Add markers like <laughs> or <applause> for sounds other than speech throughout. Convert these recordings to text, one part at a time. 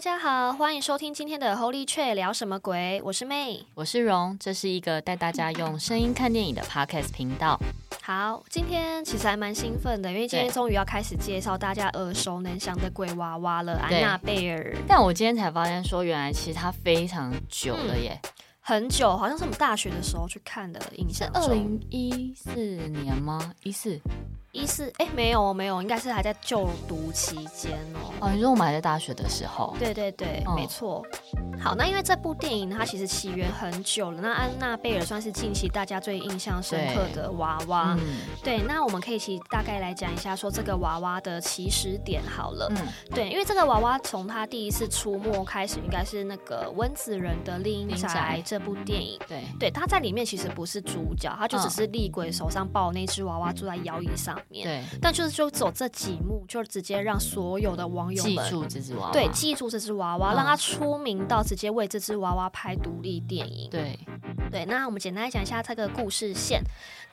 大家好，歡迎收聽今天的《Holy Chat 聊什麼鬼》，我是 May，我是榮，這是一個帶大家用聲音看電影的 Podcast 頻道。好，今天其實還蠻興奮的，因為今天終於要開始介紹大家耳熟能詳的鬼娃娃了——對安娜貝爾。但我今天才發現，說原來其實它非常久了耶、嗯，很久，好像是我們大學的時候去看的，印象中二零一四年嗎？一四。一四哎，沒有沒有，應該是還在就讀期間哦。哦你說我們還在大學的時候。對對對，嗯、沒錯。好，那因為這部電影它其實起源很久了，那安娜貝爾算是近期大家最印象深刻的娃娃。對，嗯、對，那我們可以一起大概來講一下，說這個娃娃的起始點好了。嗯。對，因為這個娃娃從它第一次出沒開始，應該是那個溫子仁的《厲陰宅》這部電影。嗯、對。對，它在裡面其實不是主角，它就只是厲鬼手上抱那隻娃娃坐在搖椅上。嗯嗯對，但就是就走這幾幕，就直接讓所有的網友們記住這隻娃娃，對，記住這隻娃娃，嗯、讓他出名到直接為這隻娃娃拍獨立電影。對，對，那我們簡單來講一下這個故事線。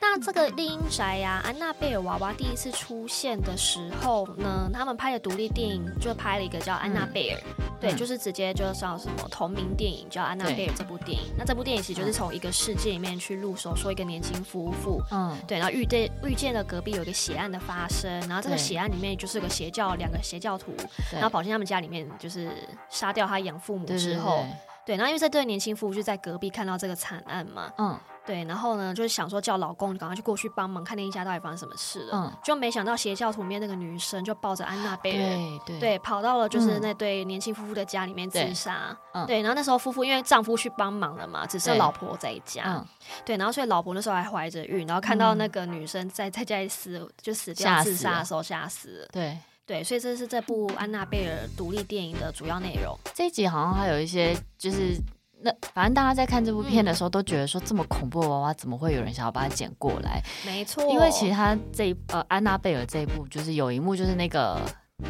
那這個厲陰宅呀、啊，安娜貝爾娃娃第一次出現的時候呢，他們拍的獨立電影就拍了一個叫安娜貝爾，嗯、對，嗯、就是直接就上什麼同名電影叫安娜貝爾這部電影。對那這部電影其實就是從一個世界裡面去入手，說一個年輕夫婦，嗯，對，然後遇見遇見了隔壁有一個血案的發生，然後這個血案裡面就是個邪教，兩對個邪教徒，然後跑進他們家裡面就是殺掉他養父母之後，對、對、對、對，然後因為這對年輕夫婦就在隔壁看到這個慘案嘛，嗯。對，然後呢，就是想說叫老公趕快去過去幫忙，看那一家到底發生什麼事了。嗯，就沒想到邪教徒裡面那個女生就抱着安娜貝爾，對對，對，跑到了就是那對年輕夫婦的家裡面自殺。嗯，對，嗯，對，然後那時候夫婦因為丈夫去幫忙了嘛，只剩老婆在家。嗯，對，然後所以老婆那時候還懷着孕，然後看到那個女生在在家裡死，就死掉死自殺的時候嚇死了。對對，所以這是這部《安娜貝爾》獨立電影的主要內容。這一集好像還有一些就是。那反正大家在看這部片的時候、嗯、都覺得說，這麼恐怖的娃娃怎麼會有人想要把它撿過來？沒錯哦，因為其實它這一呃《安娜貝爾》這一部就是有一幕就是那個。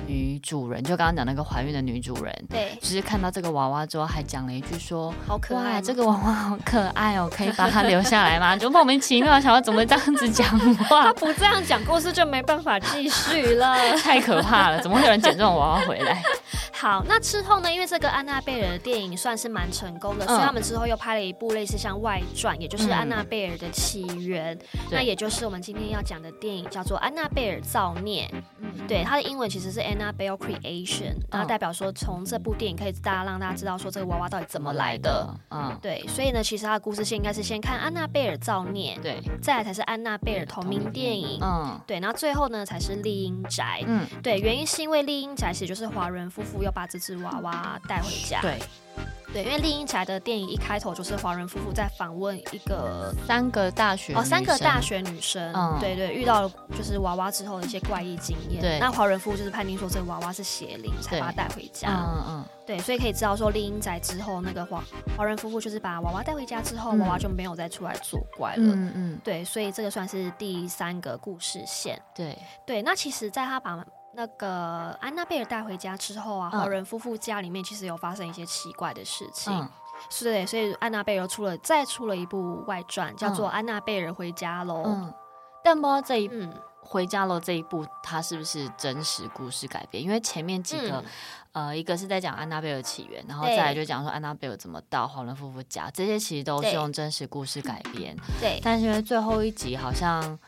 女主人就剛剛講那個懷孕的女主人，對，其實看到這個娃娃之後，還講了一句說：“好可愛哇，這個娃娃好可愛哦，可以把它留下來嗎？” <laughs> 就莫名其妙， <laughs> 想要怎麼這樣子講話？他不這樣講故事就沒辦法繼續了， <laughs> <laughs> 太可怕了！怎麼會有人撿這種娃娃回來？好，那之後呢？因為這個安娜貝爾的電影算是蠻成功的，嗯、所以他們之後又拍了一部類似像外傳，也就是安娜貝爾的起源。嗯、那也就是我們今天要講的電影叫做《安娜貝爾造孽》。嗯，對，它的英文其實是安娜貝爾 Creation，然後代表說從這部電影可以大家讓大家知道說這個娃娃到底怎麼來的。嗯，嗯對，所以呢其實它的故事線應該是先看安娜貝爾造孽，對，再來才是安娜貝爾同名電影，嗯，對，那最後呢才是厲陰宅，嗯，對，原因是因為厲陰宅其實就是華人夫婦要把這只娃娃帶回家，對。對，因為《厲陰宅》的電影一開頭就是華人夫婦在訪問一個三個大學哦，三個大學女生，嗯、對對，遇到了就是娃娃之後的一些怪異經驗。對、嗯，那華人夫婦就是判定說這個娃娃是邪靈，對才把它帶回家。嗯嗯，嗯對，所以可以知道說厲陰宅之後那個華華人夫婦就是把娃娃帶回家之後，嗯、娃娃就沒有再出來作怪了。嗯嗯，嗯嗯對，所以這個算是第三個故事線。對對，那其實在他把。那個安娜貝爾帶回家之後啊，華倫夫婦家裡面其實有發生一些奇怪的事情。嗯，是的，所以安娜貝爾出了再出了一部外傳，叫做《安娜貝爾回家嘍》嗯。嗯，但不知道這一部，嗯、回家嘍這一部，它是不是真實故事改編？因為前面幾個、嗯、呃，一個是在講安娜貝爾起源，然後再來就講說安娜貝爾怎麼到華倫夫婦家，對這些其實都是用真實故事改編。對，但是因為最後一集好像。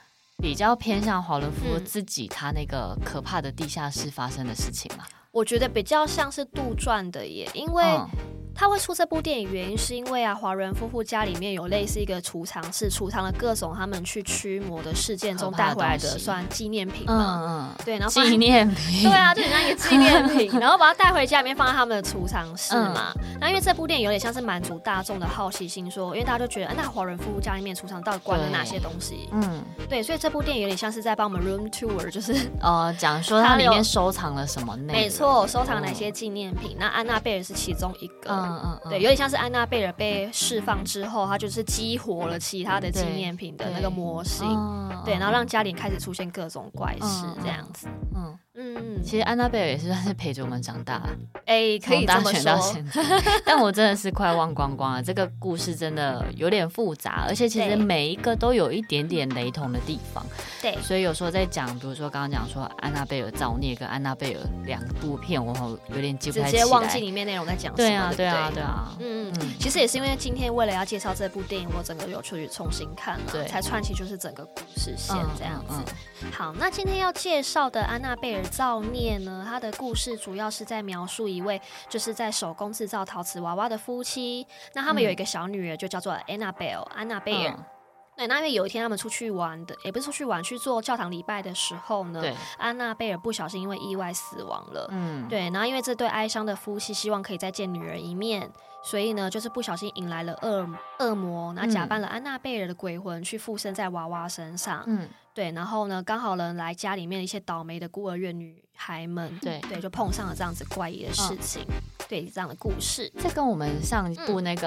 比較偏向華倫夫婦自己他那個可怕的地下室發生的事情嘛。嗯，我覺得比較像是杜撰的耶，因為，嗯。他會出這部電影原因是因為啊，華人夫婦家裡面有類似一個儲藏室，儲藏了各種他們去驅魔的事件中帶回來的算紀念品嘛，嗯嗯，對，紀念品，對啊，就很像一個紀念品，然後把它帶回家裡面放在他們的儲藏室嘛。那因為這部電影有點像是滿足大眾的好奇心，說因為大家就覺得，那華人夫婦家裡面儲藏到底關了哪些東西？嗯，對，所以這部電影有點像是在幫我們 room tour，就是講說它裡面收藏了什麼內容，沒錯，收藏哪些紀念品，那安娜貝爾是其中一個。嗯嗯， <noise> 對，有點像是安娜貝爾被釋放之後，他就是激活了其他的紀念品的那個模型，對，然後讓家裡開始出現各種怪事這樣子，嗯。嗯，其實安娜貝爾也是算是陪着我們長大哎，可以這麼說。但我真的是快忘光光了，這個故事真的有點複雜，而且其實每一個都有一點點雷同的地方。對，所以有時候在講，比如說剛剛講說安娜貝爾造孽跟安娜貝爾兩部片，我好有點記不太直接忘記裡面內容在講什麼。對啊，對啊，對啊。嗯嗯嗯，其實也是因為今天為了要介紹這部電影，我整個有出去重新看了，才串起就是整個故事線這樣子。好，那今天要介紹的安娜貝爾造孽呢，他的故事主要是在描述一位就是在手工製造陶瓷娃娃的夫妻，那他們有一個小女兒，就叫做 Annabelle、嗯、安娜貝爾。安娜貝爾，對、欸，那因為有一天他們出去玩的，也、欸、不是出去玩，去做教堂禮拜的時候呢，對安娜貝爾不小心因為意外死亡了。嗯，對，然後因為這對哀傷的夫妻希望可以再見女兒一面。所以呢，就是不小心引來了惡惡魔，然後假扮了安娜貝爾的鬼魂去附身在娃娃身上。嗯，對，然後呢，剛好呢來家裡面一些倒霉的孤兒院女孩們，對、嗯、對，就碰上了這樣子怪異的事情，嗯嗯嗯、對這樣的故事。這跟我們上一部那個。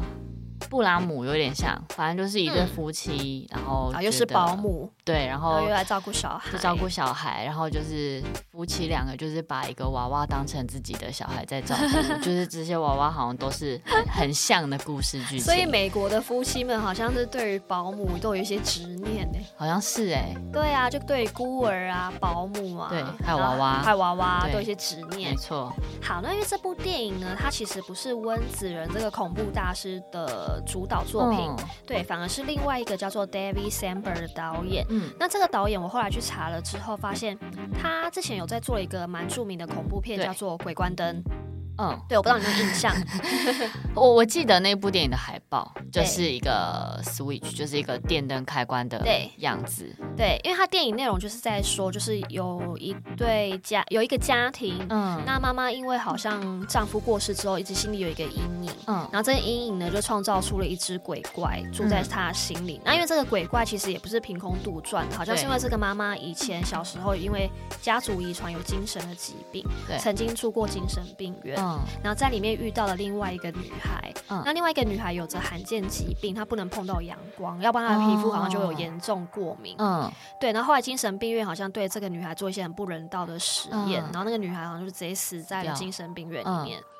嗯布拉姆有點像，反正就是一對夫妻，嗯、然後、啊、又是保姆，對，然後，然後又來照顧小孩，照顧小孩，然後就是夫妻兩個，就是把一個娃娃當成自己的小孩在照顧， <laughs> 就是這些娃娃好像都是很像的故事劇情 <laughs> 所以美國的夫妻們好像是對於保姆都有一些執念呢、欸，好像是哎、欸，對啊，就對孤兒啊、保姆啊，對，還有娃娃，還有娃娃都、啊、有對一些執念，沒錯。好，那因為這部電影呢，它其實不是溫子仁這個恐怖大師的。主導作品，哦、對，反而是另外一個叫做 David Sandberg 的導演。嗯、那這個導演，我後來去查了之後，發現他之前有在做一個蠻著名的恐怖片，叫做《鬼關燈》。嗯，對，我不知道你有沒有印象， <laughs> 我我記得那部電影的海報就是一個 switch，就是一個電燈開關的樣子對。對，因為它電影內容就是在說，就是有一對家有一個家庭，嗯，那媽媽因為好像丈夫過世之後，一直心裡有一個陰影，嗯，然後這個陰影呢就創造出了一隻鬼怪住在她心裡。嗯、那因為這個鬼怪其實也不是憑空杜撰的，好像是因為這個媽媽以前小時候因為家族遺傳有精神的疾病，對，曾經住過精神病院。嗯。然後在裡面遇到了另外一個女孩，嗯、那另外一個女孩有着罕見疾病，她不能碰到陽光，要不然她的皮膚好像就會有嚴重過敏。嗯，嗯對。然後後來精神病院好像對這個女孩做一些很不人道的實驗，嗯、然後那個女孩好像就直接死在了精神病院裡面。嗯嗯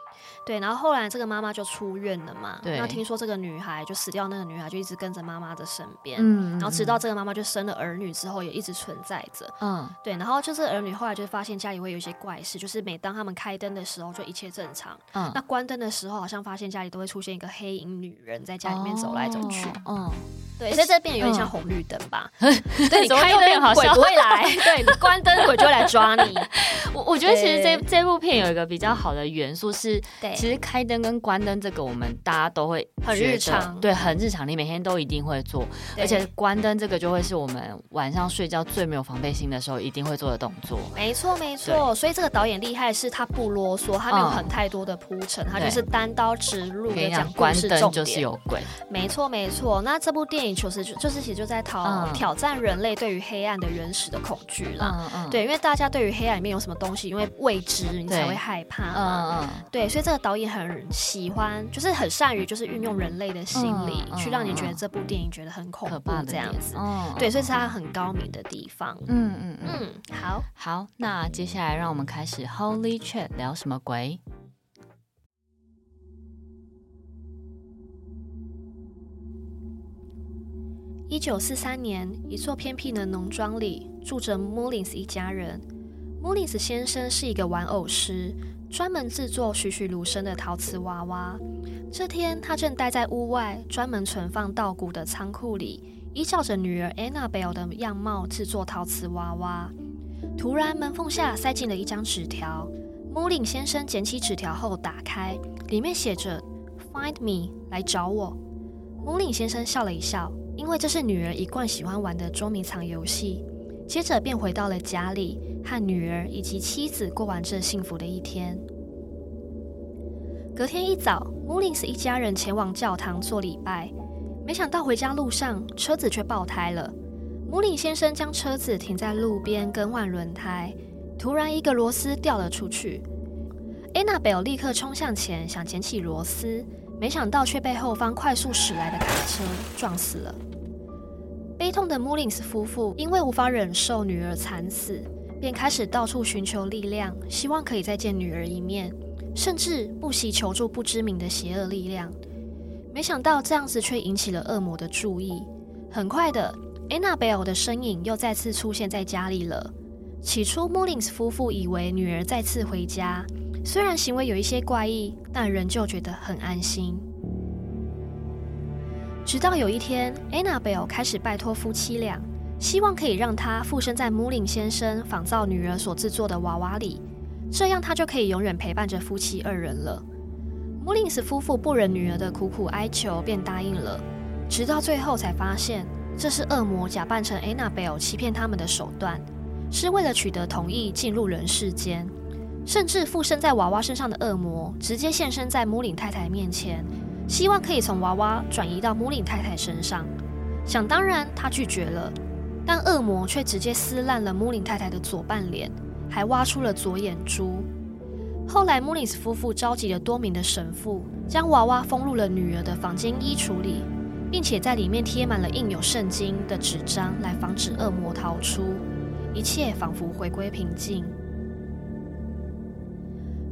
對，然後後來這個媽媽就出院了嘛，對那聽說這個女孩就死掉，那個女孩就一直跟着媽媽的身邊，嗯，然後直到這個媽媽就生了兒女之後，也一直存在着。嗯，對，然後就是兒女後來就發現家裡會有一些怪事，就是每當他們開燈的時候，就一切正常。嗯，那關燈的時候，好像發現家裡都會出現一個黑影女人，在家裡面走來走去。嗯，哦。哦對，所以這邊有點像紅綠燈吧。對，開燈鬼不會來，對，你關燈鬼就會來抓你。我我覺得其實這這部片有一個比較好的元素是，其實開燈跟關燈這個我們大家都會很日常，對，很日常，你每天都一定會做，而且關燈這個就會是我們晚上睡覺最沒有防備心的時候一定會做的動作。沒錯，沒錯。所以這個導演厲害是他不囉嗦，他沒有很太多的鋪陳，他就是單刀直入跟你講關燈就是有鬼。沒錯沒錯。那這部電電影確實就就是其實就在挑挑戰人類對於黑暗的原始的恐懼啦，對，因為大家對於黑暗裡面有什麼東西，因為未知你才會害怕嗯，對，所以這個導演很喜歡，就是很善於就是運用人類的心理去讓你覺得這部電影覺得很恐怖這樣子，對，所以是他很高明的地方，嗯嗯嗯，嗯，好，好，那接下來讓我們開始 Holy Chat 聊什麼鬼？一九四三年，一座偏僻的農莊裡住着 Mullins 一家人。Mullins 先生是一個玩偶師，專門製作栩栩如生的陶瓷娃娃。這天，他正待在屋外專門存放稻穀的倉庫裡，依照着女兒 Annabelle 的樣貌製作陶瓷娃娃。突然，門縫下塞進了一張紙條。Mullins 先生撿起紙條後打開，裡面寫着 “Find me”，來找我。Mullins 先生笑了一笑。因為這是女兒一貫喜歡玩的捉迷藏遊戲，接着便回到了家裡，和女兒以及妻子過完這幸福的一天。隔天一早，穆林斯一家人前往教堂做禮拜，沒想到回家路上車子卻爆胎了。穆林先生將車子停在路邊更換輪胎，突然一個螺絲掉了出去。安娜貝爾立刻衝向前想撿起螺絲。沒想到卻被後方快速駛來的卡車撞死了。悲痛的穆林斯夫婦因為無法忍受女兒慘死，便開始到處尋求力量，希望可以再見女兒一面，甚至不惜求助不知名的邪惡力量。沒想到這樣子卻引起了惡魔的注意，很快的，安娜貝爾的身影又再次出現在家裡了。起初，穆林斯夫婦以為女兒再次回家。雖然行為有一些怪異，但仍舊覺得很安心。直到有一天，Annabelle 開始拜託夫妻倆，希望可以讓她附身在 Mullins 先生仿造女兒所制作的娃娃裡，這樣她就可以永遠陪伴着夫妻二人了。Mullins 夫婦不忍女兒的苦苦哀求，便答應了。直到最後才發現，這是惡魔假扮成 Annabelle 欺騙他們的手段，是為了取得同意進入人世間。甚至附身在娃娃身上的惡魔，直接現身在穆林太太面前，希望可以從娃娃轉移到穆林太太身上。想當然，她拒絕了，但惡魔卻直接撕爛了穆林太太的左半臉，還挖出了左眼珠。後來，穆林斯夫婦召集了多名的神父，將娃娃封入了女兒的房間衣櫥裡，並且在裡面貼滿了印有聖經的紙張，來防止惡魔逃出。一切仿佛回歸平靜。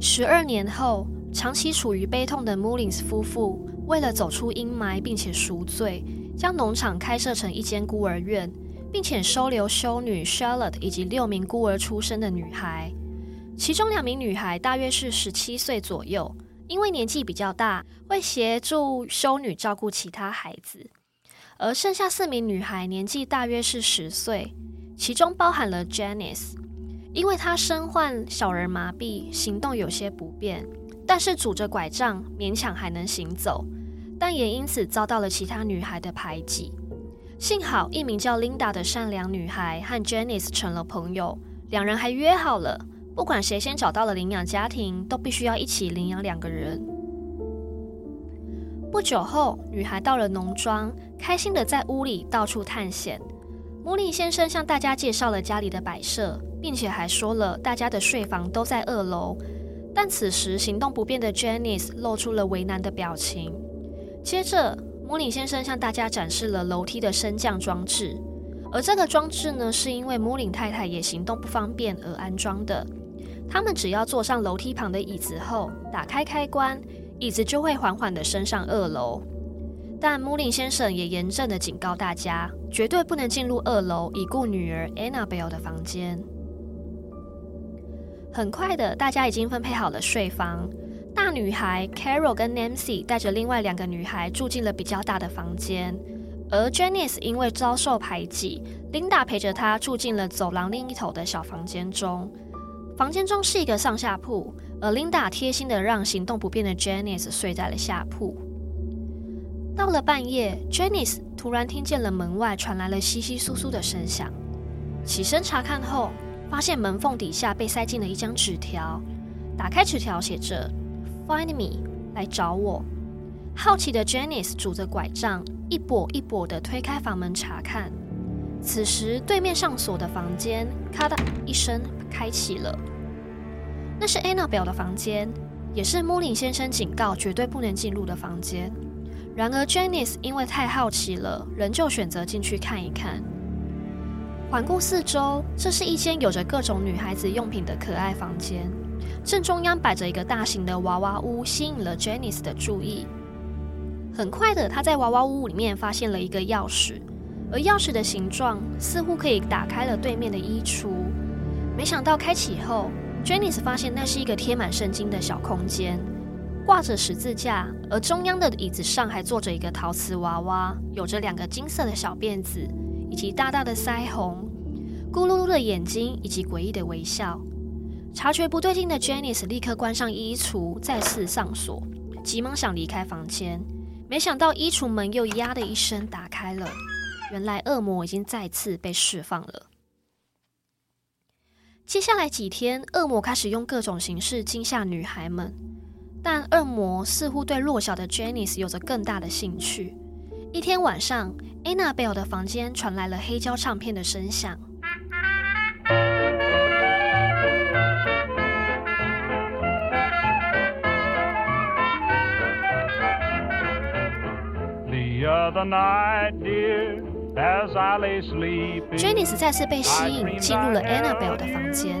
十二年後，長期處於悲痛的 Mullins 夫婦，為了走出陰霾並且贖罪，將農場開設成一間孤兒院，並且收留修女 Charlotte 以及六名孤兒出身的女孩。其中兩名女孩大約是十七歲左右，因為年紀比較大，會協助修女照顧其他孩子；而剩下四名女孩年紀大約是十歲，其中包含了 Janice。因為她身患小兒麻痺，行動有些不便，但是拄着拐杖勉強還能行走，但也因此遭到了其他女孩的排擠。幸好，一名叫琳達的善良女孩和 Janice 成了朋友，兩人還約好了，不管誰先找到了領養家庭，都必須要一起領養兩個人。不久後，女孩到了農莊，開心的在屋裡到處探險。摩里先生向大家介紹了家裡的擺設。並且還說了，大家的睡房都在二樓。但此時行動不便的 Janice 露出了為難的表情。接着，穆林先生向大家展示了樓梯的升降裝置，而這個裝置呢，是因為穆林太太也行動不方便而安裝的。他們只要坐上樓梯旁的椅子後，打開開關，椅子就會緩緩地升上二樓。但穆林先生也嚴正地警告大家，絕對不能進入二樓已故女兒 Annabelle 的房間。很快的，大家已經分配好了睡房。大女孩 Carol 跟 Nancy 帶着另外兩個女孩住進了比較大的房間，而 Janice 因為遭受排擠，Linda 陪着她住進了走廊另一頭的小房間中。房間中是一個上下鋪，而 Linda 貼心的讓行動不便的 Janice 睡在了下鋪。到了半夜，Janice 突然聽見了門外傳來了窸窸窣窣的聲響，起身查看後，發現門縫底下被塞進了一張紙條，打開紙條，寫着 “Find me，來找我”。好奇的 Janice 拄着拐杖，一跛一跛的推開房門查看。此時，對面上鎖的房間咔嗒一聲開啟了，那是 Annabelle 的房間，也是 Mullins 先生警告絕對不能進入的房間。然而，Janice 因為太好奇了，仍舊選擇進去看一看。環顧四周，這是一間有着各種女孩子用品的可愛房間。正中央擺着一個大型的娃娃屋，吸引了 Janice 的注意。很快的，她在娃娃屋裡面發現了一個鑰匙，而鑰匙的形狀似乎可以打開了對面的衣櫥。沒想到開啟後，Janice 發現那是一個貼滿聖經的小空間，掛着十字架，而中央的椅子上還坐着一個陶瓷娃娃，有着兩個金色的小辮子。以及大大的腮紅，咕嚕嚕的眼睛，以及詭異的微笑。察覺不對勁的 Janice 立刻關上衣櫥，再次上鎖，急忙想離開房間，沒想到衣櫥門又“呀”的一聲打開了，原來惡魔已經再次被釋放了。接下來幾天，惡魔開始用各種形式驚嚇女孩們，但惡魔似乎對弱小的 Janice 有着更大的興趣。一天晚上，Annabelle 的房間傳來了黑膠唱片的聲響。Janice 再次被吸引進入了 Annabelle 的房間，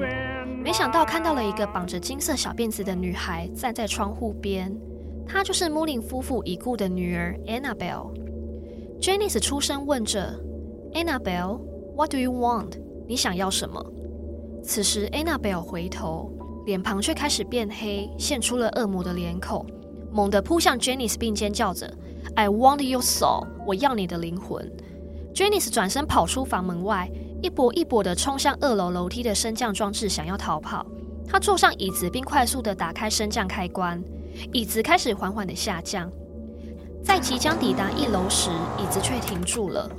沒想到看到了一個綁着金色小辮子的女孩站在窗戶邊，她就是 Mullins 夫婦已故的女兒 Annabelle。e Janice 出聲問着：“Annabelle, what do you want？” 你想要什麼？此時，Annabelle 回頭，臉龐卻開始變黑，現出了惡魔的臉孔，猛地撲向 Janice，並尖叫着：“I want your soul！我要你的靈魂！”Janice 轉身跑出房門外，一搏一搏地衝向二樓樓梯的升降裝置，想要逃跑。她坐上椅子，並快速地打開升降開關，椅子開始緩緩地下降。在即將抵達一樓時，椅子卻停住了。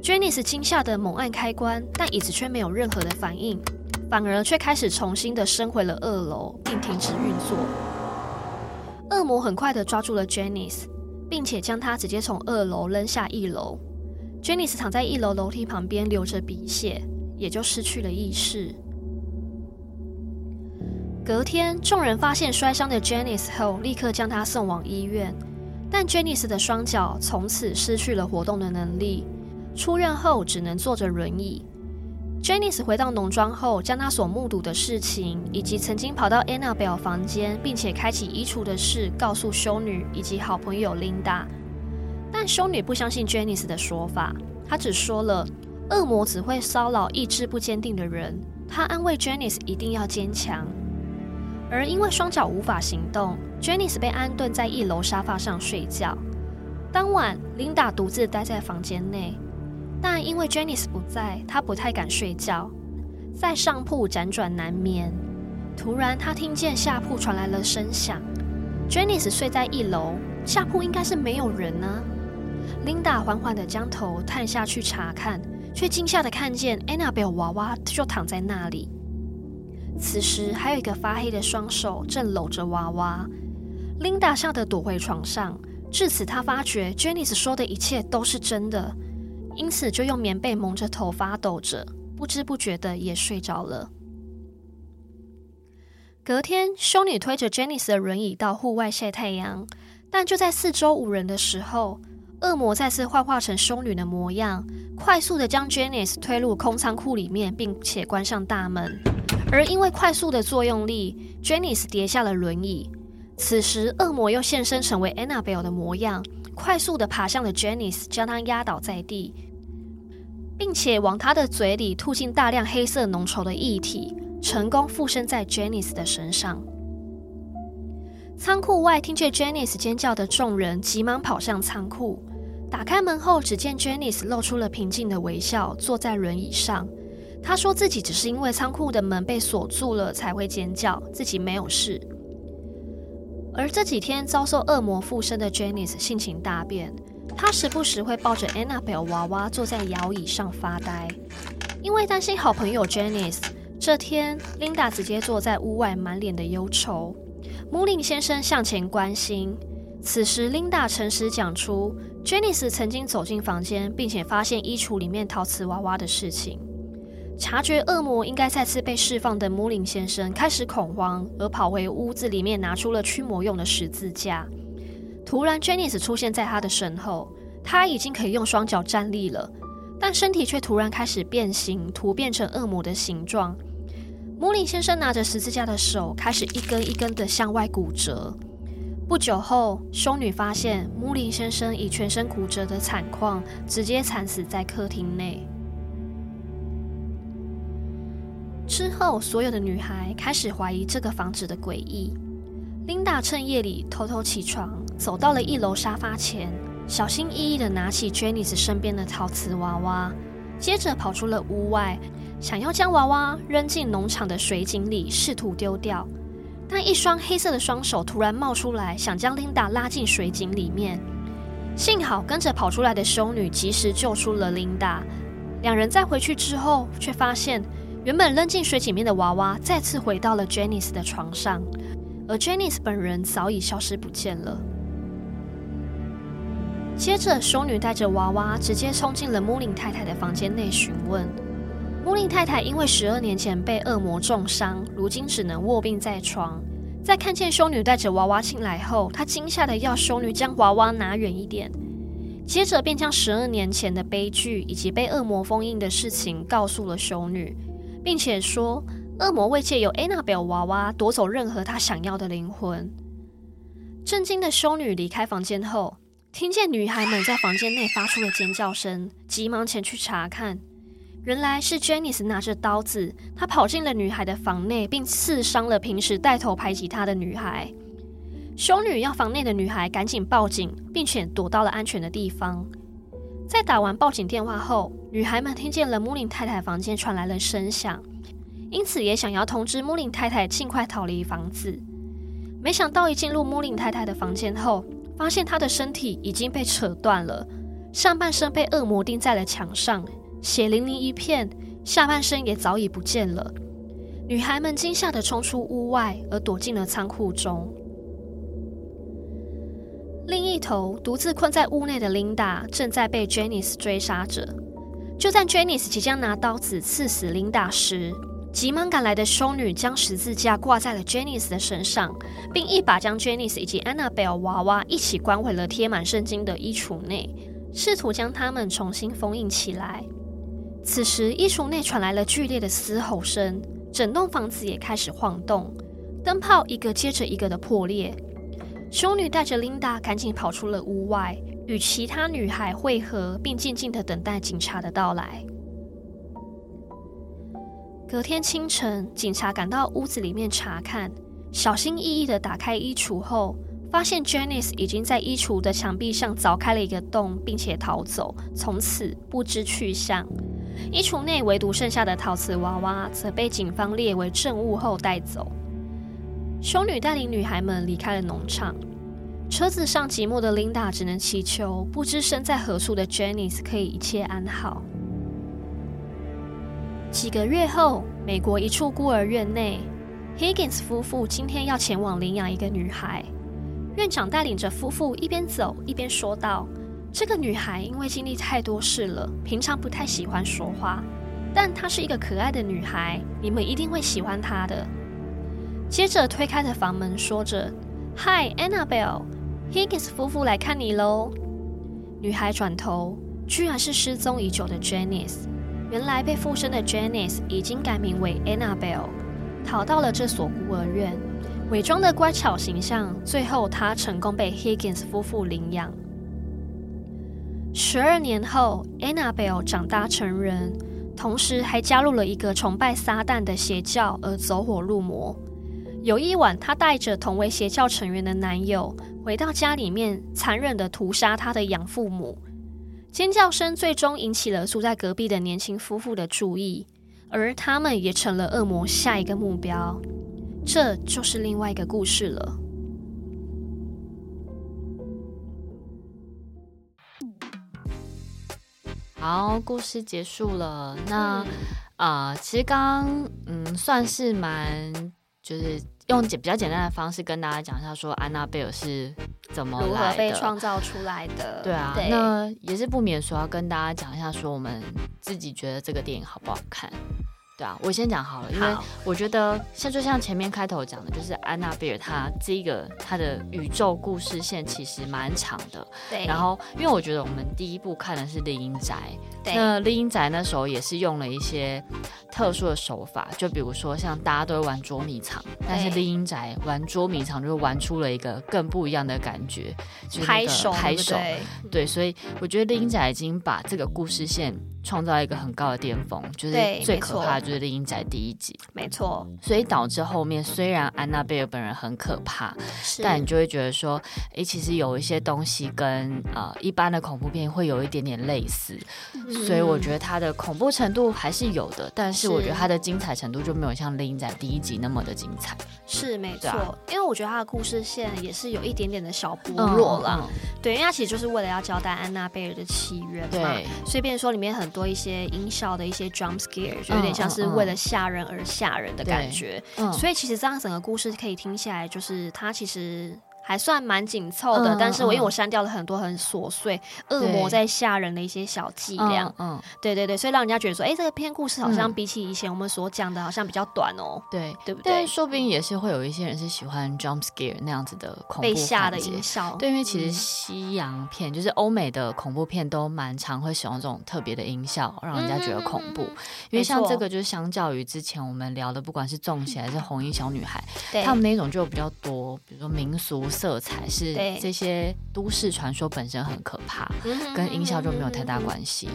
Janice 驚嚇的猛按開關，但椅子卻沒有任何的反應，反而卻開始重新的升回了二樓，並停止運作。惡魔很快的抓住了 Janice，並且將她直接從二樓扔下一樓。Janice 躺在一樓樓梯旁邊，流着鼻血，也就失去了意識。隔天，眾人發現摔傷的 Janice 後，立刻將她送往醫院。但 Janice 的雙腳從此失去了活動的能力，出院後只能坐着輪椅。Janice 回到農莊後，將她所目睹的事情，以及曾經跑到 Annabelle 房間並且開啟衣櫥的事，告訴修女以及好朋友 Linda。但修女不相信 Janice 的說法，她只說了：“惡魔只會騷擾意志不堅定的人。”她安慰 Janice 一定要堅強。而因為雙腳無法行動，Janice 被安頓在一樓沙發上睡覺。當晚，Linda 獨自待在房間內，但因為 Janice 不在，她不太敢睡覺，在上鋪輾轉難眠。突然，她聽見下鋪傳來了聲響。Janice 睡在一樓下鋪，應該是沒有人呢、啊。Linda 緩緩地將頭探下去查看，卻驚嚇地看見安娜貝爾娃娃就躺在那裡。此時，還有一個發黑的雙手正摟着娃娃。琳達嚇得躲回床上。至此，她發覺 Janice 說的一切都是真的，因此就用棉被蒙着頭髮抖着，不知不覺的也睡着了。隔天，修女推着 Janice 的輪椅到戶外曬太陽，但就在四周無人的時候，惡魔再次幻化成修女的模樣，快速的將 Janice 推入空倉庫裡面，並且關上大門。而因為快速的作用力，Janice 跌下了輪椅。此時，惡魔又現身，成為 Annabelle 的模樣，快速地爬向了 Janice，將她壓倒在地，並且往她的嘴裡吐進大量黑色濃稠的液體，成功附身在 Janice 的身上。倉庫外聽見 Janice 尖叫的眾人急忙跑向倉庫，打開門後，只見 Janice 露出了平靜的微笑，坐在輪椅上。他說自己只是因為倉庫的門被鎖住了才會尖叫，自己沒有事。而這幾天遭受惡魔附身的 j a n i c e 性情大變，他時不時會抱着 Annabelle 娃娃坐在搖椅上發呆。因為擔心好朋友 j a n i c e，這天 Linda 直接坐在屋外，滿臉的憂愁。Mullin 先生向前關心，此時 Linda 誠實講出 j a n i c e 曾經走進房間，並且發現衣櫥裡面陶瓷娃娃的事情。察覺惡魔應該再次被釋放的穆林先生，開始恐慌，而跑回屋子裡面拿出了驅魔用的十字架。突然 Janice 出現在他的身後，他已經可以用雙腳站立了，但身體卻突然開始變形，突變成惡魔的形狀。穆林先生拿着十字架的手開始一根一根的向外骨折。不久後，修女發現穆林先生以全身骨折的慘況，直接慘死在客廳內。之後，所有的女孩開始懷疑這個房子的詭異。琳達趁夜裡偷偷起床，走到了一樓沙發前，小心翼翼地拿起珍妮絲身邊的陶瓷娃娃，接着跑出了屋外，想要將娃娃扔進農場的水井裡，試圖丟掉。但一雙黑色的雙手突然冒出來，想將琳達拉進水井裡面。幸好跟着跑出來的修女及時救出了琳達。兩人再回去之後，却發現。原本扔進水井面的娃娃再次回到了 Janice 的床上，而 Janice 本人早已消失不見了。接着，修女帶着娃娃直接衝進了穆林太太的房間內詢問。穆林太太因為十二年前被惡魔重傷，如今只能臥病在床。在看見修女帶着娃娃進來後，她驚嚇得要修女將娃娃拿遠一點，接着便將十二年前的悲劇以及被惡魔封印的事情告訴了修女。並且說，惡魔未借由安娜貝爾娃娃奪走任何她想要的靈魂。震驚的修女離開房間後，聽見女孩們在房間內發出了尖叫聲，急忙前去查看。原來是 Janice 拿着刀子，她跑進了女孩的房內，並刺傷了平時帶頭排擠她的女孩。修女要房內的女孩趕緊報警，並且躲到了安全的地方。在打完報警電話後，女孩們聽見了穆林太太房間傳來的聲響，因此也想要通知穆林太太儘快逃離房子。沒想到一進入穆林太太的房間後，發現她的身體已經被扯斷了，上半身被惡魔釘在了牆上，血淋淋一片，下半身也早已不見了。女孩們驚嚇地衝出屋外，而躲進了倉庫中。另一頭，獨自困在屋內的琳達正在被 Janice 追殺着。就在 Janice 即將拿刀子刺死琳達時，急忙趕來的修女將十字架掛在了 Janice 的身上，並一把將 Janice 以及 Annabelle 娃娃一起關回了貼滿聖經的衣櫥內，試圖將他們重新封印起來。此時，衣櫥內傳來了劇烈的嘶吼聲，整棟房子也開始晃動，燈泡一個接着一個的破裂。修女帶着琳達趕緊跑出了屋外，與其他女孩會合，並靜靜的等待警察的到來。隔天清晨，警察趕到屋子裡面查看，小心翼翼的打開衣櫥後，發現 Janice 已經在衣櫥的牆壁上鑿開了一個洞，並且逃走，從此不知去向。衣櫥內唯獨剩下的陶瓷娃娃，則被警方列為證物後帶走。修女帶領女孩們離開了農場。車子上寂寞的 Linda 只能祈求不知身在何處的 Janice 可以一切安好。幾個月後，美國一處孤兒院內，Higgins 夫婦今天要前往領養一個女孩。院長帶領着夫婦一邊走一邊說道：“這個女孩因為經歷太多事了，平常不太喜歡說話，但她是一個可愛的女孩，你們一定會喜歡她的。”接着推開的房門，說着：“Hi, Annabelle，Higgins 夫婦來看你嘍。”女孩轉頭，居然是失蹤已久的 Janice。原來被附身的 Janice 已經改名為 Annabelle，逃到了這所孤兒院，偽裝的乖巧形象。最後，她成功被 Higgins 夫婦領養。十二年後，Annabelle 長大成人，同時還加入了一個崇拜撒旦的邪教，而走火入魔。有一晚，她帶着同為邪教成員的男友回到家裡面，殘忍的屠殺她的養父母。尖叫聲最終引起了住在隔壁的年輕夫婦的注意，而他們也成了惡魔下一個目標。這就是另外一個故事了。好，故事結束了。那啊，呃，其實剛嗯，算是蠻。就是用簡比較簡單的方式跟大家講一下，說安娜貝爾是怎麼來，啊、如何被創造出來的。對啊，那也是不免說要跟大家講一下，說我們自己覺得這個電影好不好看。啊、我先講好了，因為我覺得像就像前面開頭講的，就是安娜貝爾她這個她的宇宙故事線其實蠻長的。對。然後，因為我覺得我們第一部看的是《厲陰宅》對，那《厲陰宅》那時候也是用了一些特殊的手法，嗯、就比如說像大家都會玩捉迷藏，對但是《厲陰宅》玩捉迷藏就玩出了一個更不一樣的感覺，拍、就、手、是、拍手，拍手對，對，對，所以我覺得《厲陰宅》已經把這個故事線。創造一個很高的巔峰，就是最可怕，就是《厲陰宅》第一集，沒錯，所以導致後面雖然安娜貝爾本人很可怕，是但你就會覺得說，哎、欸，其實有一些東西跟呃一般的恐怖片會有一點點類似，嗯、所以我覺得它的恐怖程度還是有的，但是我覺得它的精彩程度就沒有像《厲陰宅》第一集那麼的精彩，是沒錯，啊、因為我覺得它的故事線也是有一點點的小薄弱了，對，因為其實就是為了要交代安娜貝爾的起源嘛，隨對便說裡面很。多一些音效的一些 jump scare，就有點像是為了嚇人而嚇人的感覺，uh, uh, uh. 所以其實這樣整個故事可以聽下來就是它其實，還算蠻緊湊的，但是我因為我刪掉了很多很瑣碎、惡魔在嚇人的一些小伎倆，嗯，對對對，所以讓人家覺得說，哎，這個片故事好像比起以前我們所講的，好像比較短哦，對，對不對？但說不定也是會有一些人是喜歡 jump scare 那樣子的恐怖音效，對，因為其實西洋片就是歐美的恐怖片都蠻常會使用這種特別的音效，讓人家覺得恐怖。因為像這個，就是相較於之前我們聊的，不管是粽邪還是紅衣小女孩，他們那種就比較多，比如說民俗。色彩，是這些都市傳說本身很可怕，跟音效就沒有太大關係。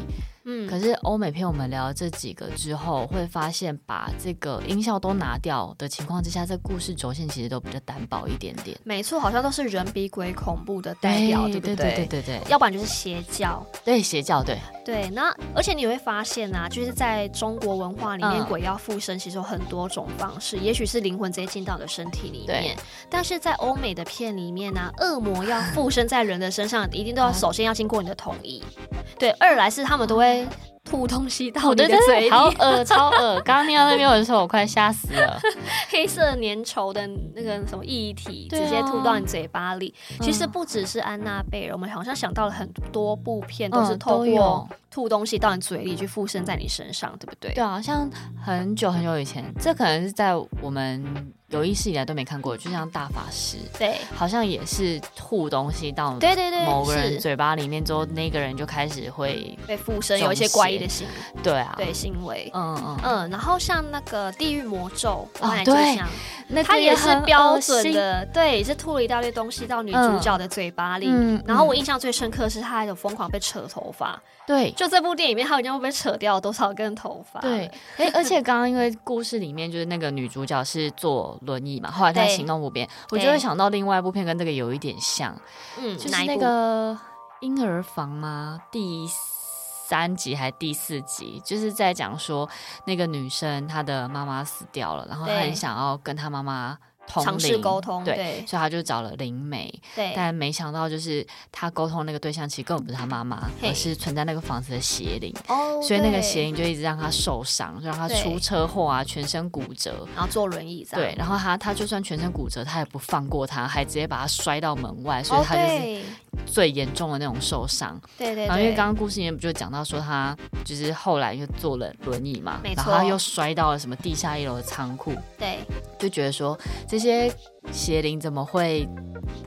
嗯，可是歐美片我們聊了這幾個之後，會發現把這個音效都拿掉的情況之下，這故事軸線其實都比較單薄一點點。沒錯，好像都是人比鬼恐怖的代表，欸、對不對？對對對對，要不然就是邪教。對邪教，對對。那而且你會發現啊，就是在中國文化裡面，嗯、鬼要附身其實有很多種方式，也許是靈魂直接進到你的身體裡面。對但是在歐美的片裡面呢、啊，惡魔要附身在人的身上， <laughs> 一定都要首先要經過你的同意。嗯、對。二來是他們都會、嗯。吐東西到我的嘴裡，哦，、好惡、呃、超惡、呃、心！剛剛聽到那邊我就說，我快嚇死了。 <laughs> 黑色粘稠的那個什麼液體，直接吐到你嘴巴裡。哦、嗯、其實不只是安娜貝爾，我們好像想到了很多部片，都是通過吐東西到你嘴裡去附身在你身上，嗯、對不對？對、啊，好像很久很久以前，這可能是在我們。有一世以來都沒看過，就像大法師，對，好像也是吐東西到對對對某個人嘴巴裡面對對對之後，那個人就開始會被附身，有一些怪異的行為，對啊，對行為，嗯嗯嗯，然後像那個地獄魔咒，來哦、對，那它也是標準的，對，是吐了一大堆東西到女主角的嘴巴裡。嗯嗯、然後我印象最深刻是，她還有瘋狂被扯頭髮，對，就這部電影裡面，她好像會被扯掉多少根頭髮？對，哎、欸，而且剛剛因為故事裡面就是那個女主角是做輪椅嘛，後來他行動不便，我就會想到另外一部片跟這個有一點像，嗯，就是那個嬰兒房嗎？第三集還是第四集，就是在講說那個女生她的媽媽死掉了，然後她很想要跟她媽媽。嘗試溝通，對，所以他就找了靈媒，對，但沒想到就是他溝通的那個對象，其實根本不是他媽媽，而是存在那個房子的邪靈，哦，所以那個邪靈就一直讓他受傷，就讓他出車禍啊，全身骨折，然後坐輪椅上，對，然後他他就算全身骨折，他也不放過他，還直接把他摔到門外，所以他就是最嚴重的那種受傷，對對對，然後因為剛剛顧心妍不就講到說他就是後來又坐了輪椅嘛，沒錯，然後他又摔到了什麼地下一樓的倉庫，對。就覺得說，這些邪靈怎麼會？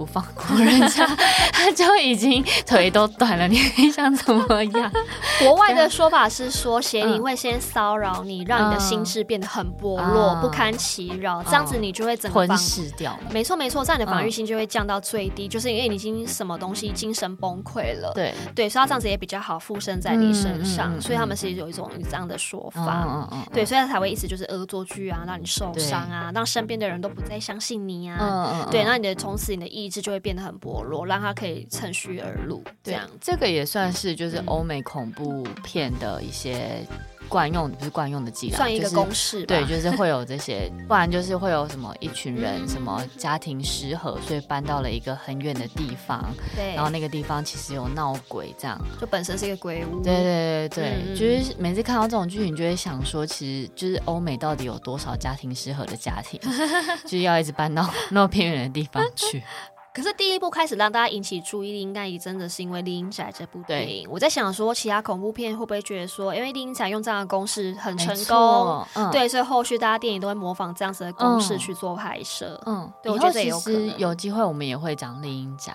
不放過人家，他就已經腿都斷了，你想怎麼樣？國外的說法是說，邪靈會先騷擾你，讓你的心智變得很薄弱，不堪其擾，這樣子你就會整個死掉。沒錯沒錯，這樣你的防禦心就會降到最低，就是因為你已經什麼東西精神崩潰了。對對，所以他這樣子也比較好附身在你身上，所以他們是有一種這樣的說法。對，所以他才會一直就是惡作劇啊，讓你受傷啊，讓身邊的人都不再相信你啊。對，那你的從此你的意。一直就會變得很薄弱，讓他可以趁虛而入。這樣，這個也算是就是歐美恐怖片的一些慣用，嗯、不是慣用的伎倆，算一個公式吧，就是。對，就是會有這些， <laughs> 不然就是會有什麼一群人，什麼家庭失和，所以搬到了一個很遠的地方。對，然後那個地方其實有鬧鬼，這樣就本身是一個鬼屋。對對對對，對嗯、就是每次看到這種劇情，就會想說，其實就是歐美到底有多少家庭失和的家庭， <laughs> 就是要一直搬到那麼偏遠的地方去。 <laughs> 可是第一部開始讓大家引起注意力，應該也真的是因為《厲陰宅》這部電影。我在想說，其他恐怖片會不會覺得說，因為《厲陰宅》用這樣的公式很成功，嗯、對，所以後續大家電影都會模仿這樣子的公式去做拍攝，嗯。嗯，嗯對我覺得也有可能。其實有機會我們也會講《厲陰宅》。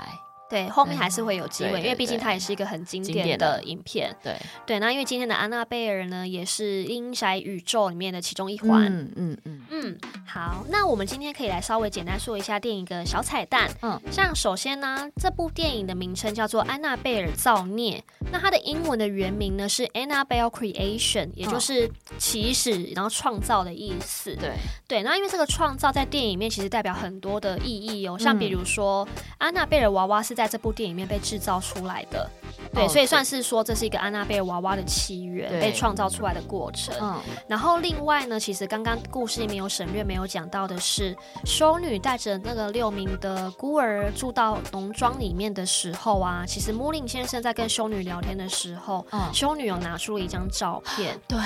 對，後面還是會有機會，對對對，因為畢竟它也是一個很經典的影片。對對，對，片對，對，那因為今天的安娜貝爾呢，也是陰宅宇宙裡面的其中一環、嗯。嗯嗯嗯嗯，好，那我們今天可以來稍微簡單說一下電影的小彩蛋。嗯，像首先呢，這部電影的名稱叫做《安娜貝爾造孽》，那它的英文的原名呢是《Annabelle Creation》，也就是起始然後創造的意思。嗯、對對，那因為這個創造在電影裡面其實代表很多的意義哦、喔，像比如說、嗯、安娜貝爾娃娃是。在這部電影裡面被製造出來的，對，Oh, 所以算是說這是一個安娜貝爾娃娃的起源對被創造出來的過程。嗯，然後另外呢，其實剛剛故事裡面有省略沒有講到的是，修女帶着那個六名的孤兒住到農莊裡面的時候啊，其實穆林先生在跟修女聊天的時候，嗯、修女有拿出了一張照片，對，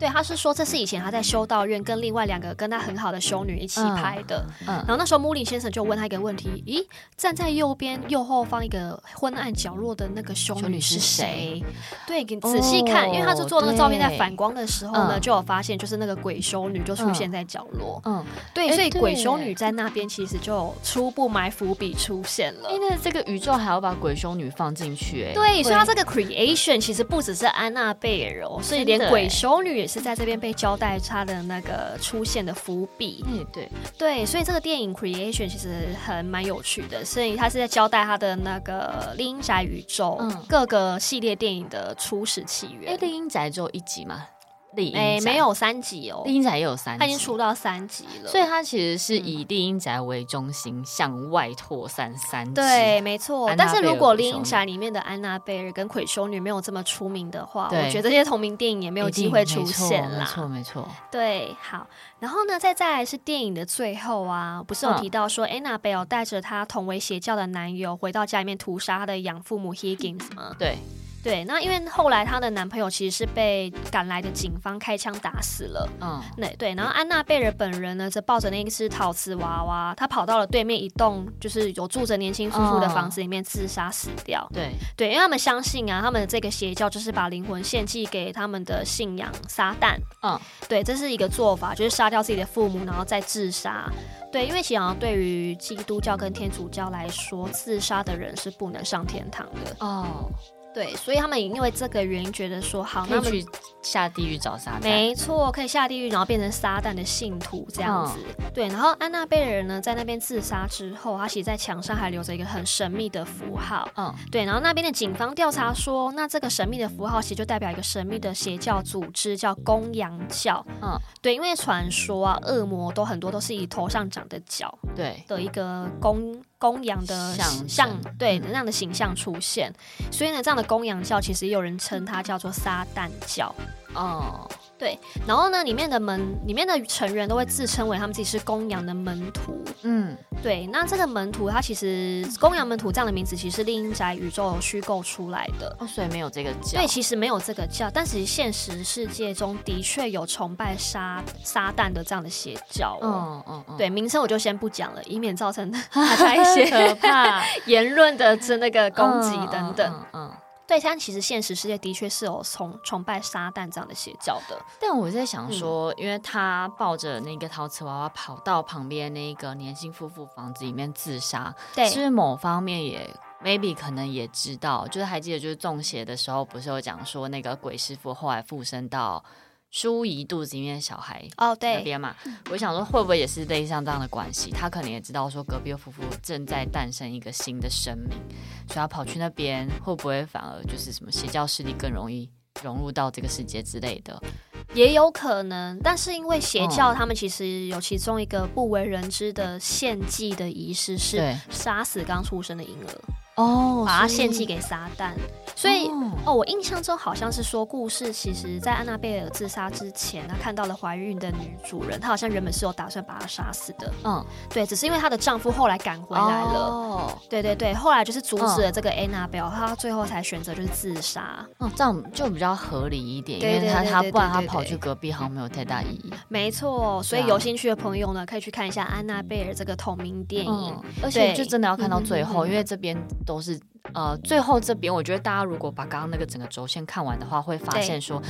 對，她是說這是以前她在修道院跟另外兩個跟她很好的修女一起拍的。嗯，嗯然後那時候穆林先生就問她一個問題，咦，站在右邊最後放一個昏暗角落的那個修女，修女是誰？對，給你仔細看，oh, 因為他是做那個照片，在反光的時候呢，對就有發現，就是那個鬼修女就出現在角落。嗯，嗯對，所以鬼修女在那邊其實就初步埋伏筆出現了。因為這個宇宙還要把鬼修女放進去、欸，哎，對，對所以他這個 creation 其實不只是安娜貝爾哦，欸、所以連鬼修女也是在這邊被交代她的那個出現的伏筆。嗯，對，對，所以這個電影 creation 其實還蠻有趣的，所以他是在交代。他的那個《厲陰宅宇宙、嗯》各個系列電影的初始起源，因為《厲陰宅》只有一集嘛。厲、欸、沒有三集哦，厲陰宅也有三集。他已經出到三集了。所以他其實是以厲陰宅為中心、嗯、向外拓散三集，對，沒錯。但是如果厲陰宅裡面的安娜貝爾跟鬼修女沒有這麼出名的話，對我覺得這些同名電影也沒有機會出現啦，沒錯、欸，沒錯。沒錯，對，好。然後呢，再再來是電影的最後啊，不是有提到說、嗯、安娜貝爾帶着她同為邪教的男友回到家裡面屠殺他的養父母 Higgins 嗎？對。對，那因為後來她的男朋友其實是被趕來的警方開槍打死了。嗯，那對，然後安娜貝爾本人呢，則抱着那一隻陶瓷娃娃，她跑到了對面一棟就是有住着年輕夫婦的房子裡面、嗯、自殺死掉。對對，因為他們相信啊，他們的這個邪教就是把靈魂獻祭給他們的信仰撒旦。嗯，對，這是一個做法，就是殺掉自己的父母然後再自殺。對，因為其實好像對於基督教跟天主教來說，自殺的人是不能上天堂的。哦、嗯。對，所以他們也因為這個原因覺得說，好，去那去下地獄找撒旦，沒錯，可以下地獄，然後變成撒旦的信徒這樣子。嗯、對，然後安娜貝爾人呢，在那邊自殺之後，他其實，在牆上還留着一個很神秘的符號。嗯，對，然後那邊的警方調查說，那這個神秘的符號其實就代表一個神秘的邪教組織，叫公羊教。嗯，對，因為傳說啊，惡魔都很多都是以頭上長的角，對的一個公。對公羊的想象徵像，對、嗯、那樣的形象出現，所以呢，這樣的公羊教，其實也有人稱它叫做撒旦教。哦、嗯。對，然後呢，裡面的門，裡面的成員都會自稱為他們自己是公羊的門徒。嗯，對。那這個門徒，它其實公羊門徒這樣的名字，其實是厲陰宅宇宙虛構出來的，哦、所以沒有這個教。對，其實沒有這個教，但是其實現實世界中的確有崇拜撒撒旦的這樣的邪教。哦嗯。嗯嗯對，名稱我就先不講了，以免造成大家一些可怕 <laughs> 言論的那個攻擊等等。嗯。嗯嗯嗯對，但其實現實世界的確是有崇崇拜撒旦這樣的邪教的。但我在想說，嗯、因為他抱着那個陶瓷娃娃跑到旁邊那個年輕夫婦房子裡面自殺，對，其實某方面也 maybe 可能也知道？就是還記得，就是中邪的時候，不是有講說那個鬼師傅後來附身到。豬一肚子裡面的小孩哦、oh, 對，那邊嘛，我想說會不會也是類似像這樣的關係？他可能也知道說隔壁夫婦正在誕生一個新的生命，所以他跑去那邊，會不會反而就是什麼邪教勢力更容易融入到這個世界之類的？也有可能，但是因為邪教他們其實有其中一個不為人知的獻祭的儀式，是殺死剛出生的嬰兒，哦，把他獻祭給撒旦。嗯所以、嗯、哦，我印象中好像是說，故事其實在安娜貝爾自殺之前，她看到了懷孕的女主人，她好像原本是有打算把她殺死的。嗯，對，只是因為她的丈夫後來趕回來了。哦，對對對，後來就是阻止了這個安娜貝爾，嗯、她最後才選擇就是自殺。哦，這樣就比較合理一點，因為她她不然她跑去隔壁好像沒有太大意義。沒錯，所以有興趣的朋友呢，可以去看一下安娜貝爾這個同名電影，嗯、對而且就真的要看到最後，嗯嗯因為這邊都是。呃，最後這邊，我覺得大家如果把剛剛那個整個軸線看完的話，會發現說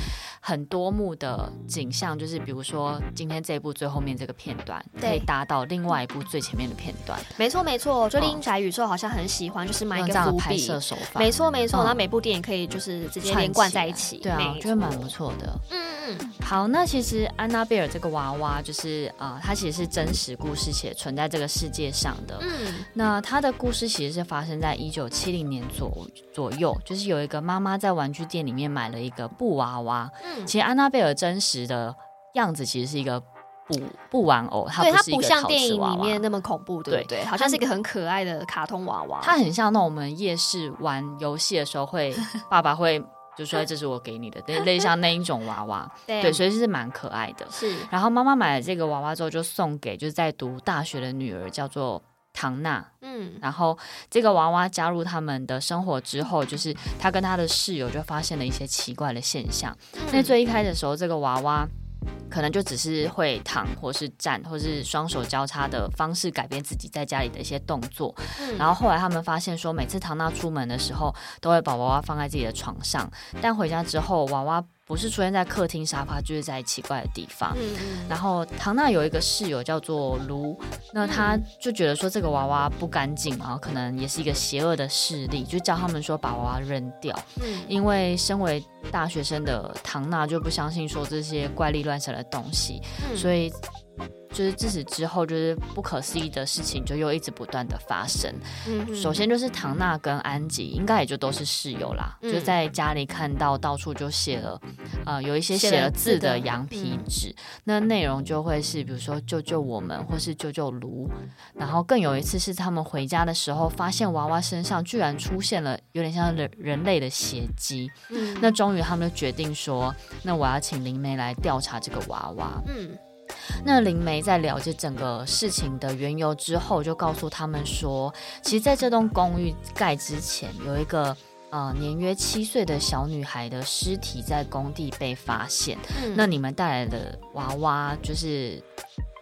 很多幕的景象，對就是比如說今天這一部最後面這個片段，對可以搭到另外一部最前面的片段。對沒錯沒錯，我覺得厲陰宅宇宙好像很喜歡，嗯、就是買一個用這樣的拍攝手法。沒錯沒錯，那、嗯、每部電影可以就是直接連貫在一起。起對啊，我覺得蠻不錯的。嗯嗯。好，那其實安娜貝爾這個娃娃，就是啊，它、呃、其實是真實故事且存在這個世界上的。嗯。那它的故事其實是發生在一九七零。年左左右，就是有一個媽媽在玩具店裡面買了一個布娃娃。嗯，其實安娜貝爾真實的樣子其實是一個布布玩偶，它不像電影裡面那麼恐怖，對不對？對，好像是一個很可愛的卡通娃娃。它很像那種我們夜市玩遊戲的時候會，會爸爸會就說，這是我給你的，那 <laughs> 類像那一種娃娃。 <laughs> 對，所以是蠻可愛的。是，然後媽媽買了這個娃娃之後，就送給就是在讀大學的女兒，叫做。唐娜，嗯，然後這個娃娃加入他們的生活之後，就是他跟他的室友就發現了一些奇怪的現象。那，嗯，最一開始的時候，這個娃娃可能就只是會躺，或是站，或是雙手交叉的方式改變自己在家裡的一些動作。嗯，然後後來他們發現說，每次唐娜出門的時候，都會把娃娃放在自己的床上，但回家之後，娃娃。不是出現在客廳沙發，就是在奇怪的地方。嗯、然後唐娜有一個室友叫做盧，那他就覺得說這個娃娃不乾淨啊，然後可能也是一個邪惡的勢力，就叫他們說把娃娃扔掉。嗯、因為身為大學生的唐娜就不相信說這些怪力亂神的東西，所以。嗯就是自此之後，就是不可思議的事情就又一直不斷的發生。嗯，首先就是唐娜跟安吉應該也就都是室友啦，就在家裡看到到處就寫了，啊，有一些寫了字的羊皮紙，那內容就會是比如說救救我們，或是救救盧。然後更有一次是他們回家的時候，發現娃娃身上居然出現了有點像人人類的血跡。嗯，那終於他們就決定說，那我要請靈媒來調查這個娃娃。嗯。那靈媒在了解整個事情的緣由之後，就告訴他們說，其實在這棟公寓蓋之前，有一個啊、呃、年約七歲的小女孩的屍體在工地被發現。嗯、那你們帶來的娃娃，就是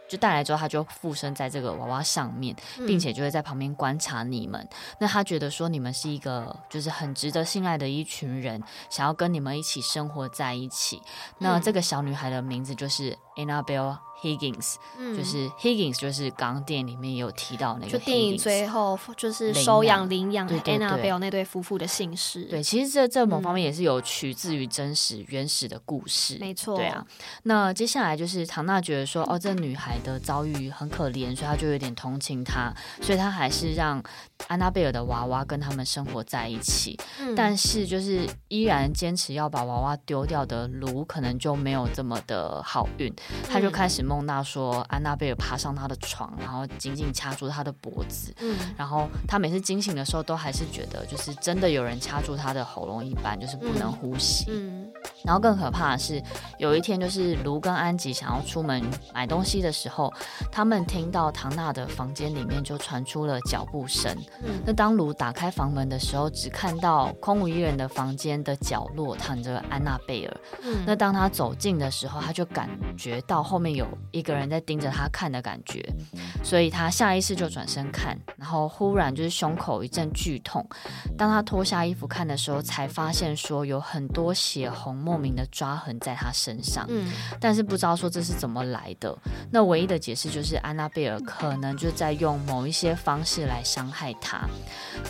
就帶來之後，她就附身在這個娃娃上面，並且就會在旁邊觀察你們。嗯、那她覺得說你們是一個就是很值得信賴的一群人，想要跟你們一起生活在一起。嗯、那這個小女孩的名字就是 Annabelle。Higgins，、嗯、就是 Higgins，就是剛電影裡面也有提到那個 Higgins，就電影最後就是收養領養 Annabelle 那對夫婦的姓氏，對，對，對，對，其實這在某方面也是有取自於真實原始的故事，沒錯、嗯，對啊。那接下來就是唐娜覺得說，哦，這女孩的遭遇，很可憐，所以她就有點同情她，所以她還是讓。安娜貝爾的娃娃跟他們生活在一起，嗯、但是就是依然堅持要把娃娃丟掉的盧，可能就沒有這麼的好運。嗯、他就開始夢到說，安娜貝爾爬上他的床，然後緊緊掐住他的脖子。嗯、然後他每次驚醒的時候，都還是覺得就是真的有人掐住他的喉嚨一般，就是不能呼吸。嗯嗯然後更可怕的是，有一天就是盧跟安吉想要出門買東西的時候，他們聽到唐娜的房間裡面就傳出了腳步聲。嗯、那當盧打開房門的時候，只看到空無一人的房間的角落躺着安娜貝爾。嗯、那當他走近的時候，他就感覺到後面有一個人在盯着他看的感覺，所以他下意識就轉身看，然後忽然就是胸口一陣劇痛。當他脫下衣服看的時候，才發現說有很多血紅墨。莫名的抓痕在他身上，但是不知道說這是怎麼來的。那唯一的解釋就是安娜貝爾可能就在用某一些方式來傷害他。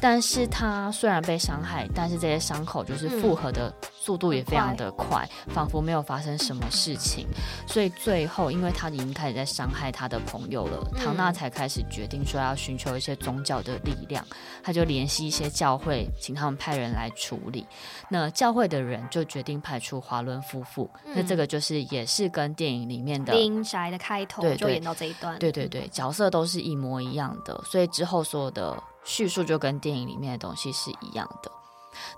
但是他雖然被傷害，但是這些傷口就是復合的。速度也非常的快，快仿佛沒有發生什麼事情。嗯、哼所以最後，因為他已經開始在傷害他的朋友了，嗯、唐娜才開始決定說要尋求一些宗教的力量。他就聯繫一些教會，請他們派人來處理。那教會的人就決定派出華倫夫婦。嗯、那這個就是也是跟電影裡面的《陰宅》的開頭，就演到這一段，對對。對對對，角色都是一模一樣的，所以之後所有的敘述就跟電影裡面的東西是一樣的。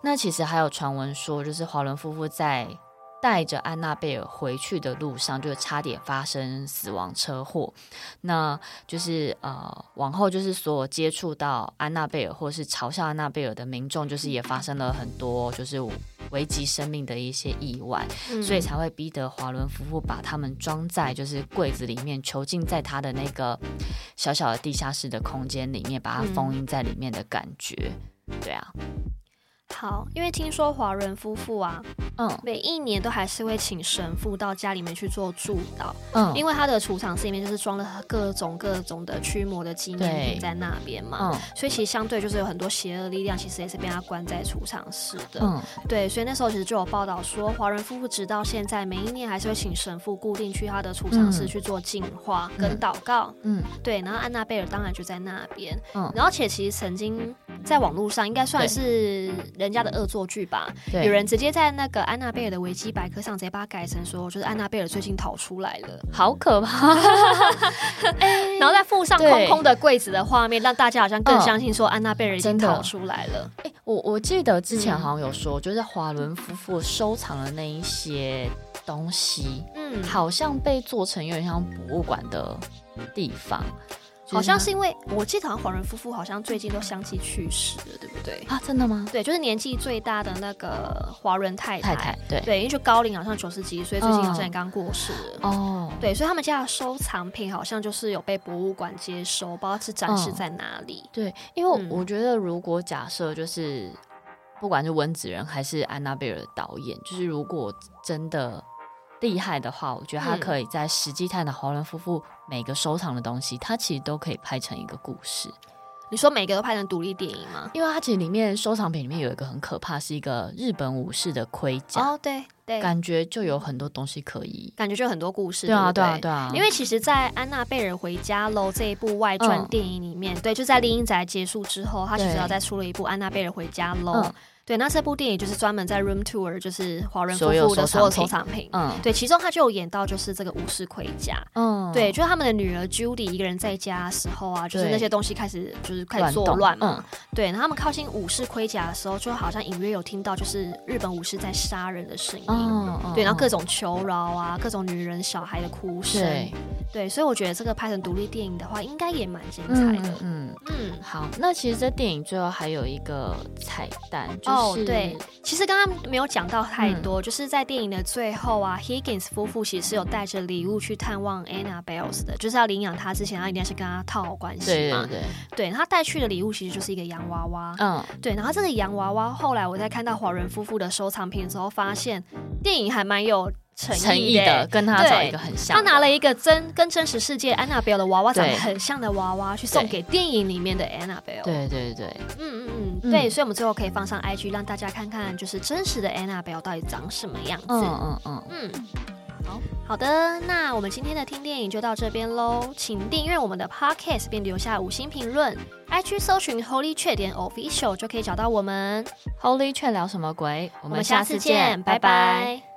那其實還有傳聞說，就是華倫夫婦在帶着安娜貝爾回去的路上，就是、差點發生死亡車禍。那就是呃，往後就是所有接觸到安娜貝爾，或是嘲笑安娜貝爾的民眾，就是也發生了很多就是危及生命的一些意外，嗯、所以才會逼得華倫夫婦把他們裝在就是櫃子裡面，囚禁在他的那個小小的地下室的空間裡面，把它封印在裡面的感覺。嗯、對啊。好，因為聽說華人夫婦啊，嗯，每一年都還是會請神父到家裡面去做祝禱，嗯，因為他的儲藏室裡面就是裝了各種各種的驅魔的紀念品在那邊嘛，嗯，所以其實相對就是有很多邪惡力量，其實也是被他關在儲藏室的，嗯，對，所以那時候其實就有報道，說，華人夫婦直到現在每一年還是會請神父固定去他的儲藏室去做淨化、嗯、跟禱告，嗯，嗯對，然後安娜貝爾當然就在那邊，嗯，然後且其實曾經在網絡上應該算是。人家的惡作劇吧，嗯、有人直接在那個安娜貝爾的維基百科上直接把它改成說，就是安娜貝爾最近逃出來了，好可怕！ <laughs> <laughs> 欸、然後再附上空空的櫃子的畫面，對讓大家好像更相信說安娜貝爾已經逃出來了。嗯、欸、我我記得之前好像有說，嗯、就是華倫夫婦收藏的那一些東西，嗯，好像被做成有點像博物館的地方。好像是因為，我記得好像華倫夫婦好像最近都相繼去世了，對不對？啊，真的嗎？對，就是年紀最大的那個華倫太太，太太對對，因為就高齡，好像九十幾歲，所以最近好像也剛過世了，哦。哦，對，所以他們家的收藏品好像就是有被博物館接收，不知道是展示在哪裡。哦、對，因為我覺得，如果假設就是，嗯、不管是溫子仁還是安娜貝爾的導演，就是如果真的。厲害的話，我覺得他可以在實際探討華倫夫婦每個收藏的東西，嗯、他其實都可以拍成一個故事。你說每個都拍成獨立電影嗎？因為他其實裡面收藏品裡面有一個很可怕，是一個日本武士的盔甲。哦，對對，感覺就有很多東西可疑，感覺就有很多故事對對對、啊。對啊對啊對啊！因為其實，在《安娜貝爾回家嘍》這一部外傳電影裡面，嗯、對，就在《厲陰宅》結束之後，他其實要再出了一部《安娜貝爾回家嘍》。嗯對，那這部電影就是專門在 Room Tour，就是華人夫婦的所有收藏品。嗯，對，其中他就有演到就是這個武士盔甲。嗯，對，就是他們的女兒 Judy 一個人在家的時候啊，就是那些東西開始就是開始作亂嘛。嗯，對，然後他們靠近武士盔甲的時候，就好像隱約有聽到就是日本武士在殺人的聲音。對，然後各種求饒啊，各種女人小孩的哭聲。對對，所以我覺得這個拍成獨立電影的話，應該也蠻精彩的。嗯嗯，好，那其實這電影最後還有一個彩蛋，就。哦，對，其實剛剛沒有講到太多，嗯、就是在電影的最後啊，Higgins 夫婦其實是有帶着禮物去探望 Annabelle 的，就是要領養他之前，他一定要去跟他套好關係嘛。對對對，對他帶去的禮物其實就是一個洋娃娃。嗯，對，然後這個洋娃娃後來我在看到華人夫婦的收藏品的時候，發現電影還蠻有。誠意的，意的跟他找一個很像的。他拿了一個真跟真實世界安娜貝爾的娃娃長得很像的娃娃，對去送給電影裡面的安娜貝爾對對對，對對對嗯嗯嗯，對。嗯、所以，我們最後可以放上 IG，讓大家看看，就是真實的安娜貝爾到底長什麼樣子。嗯嗯嗯。嗯。嗯嗯好好的，那我們今天的聽電影就到這邊嘍。請訂閱我們的 Podcast，並留下五星評論。IG 搜尋 Holy Chat 點 Official 就可以找到我們。Holy Chat 聊什麼鬼？我們下次見，拜拜。拜拜。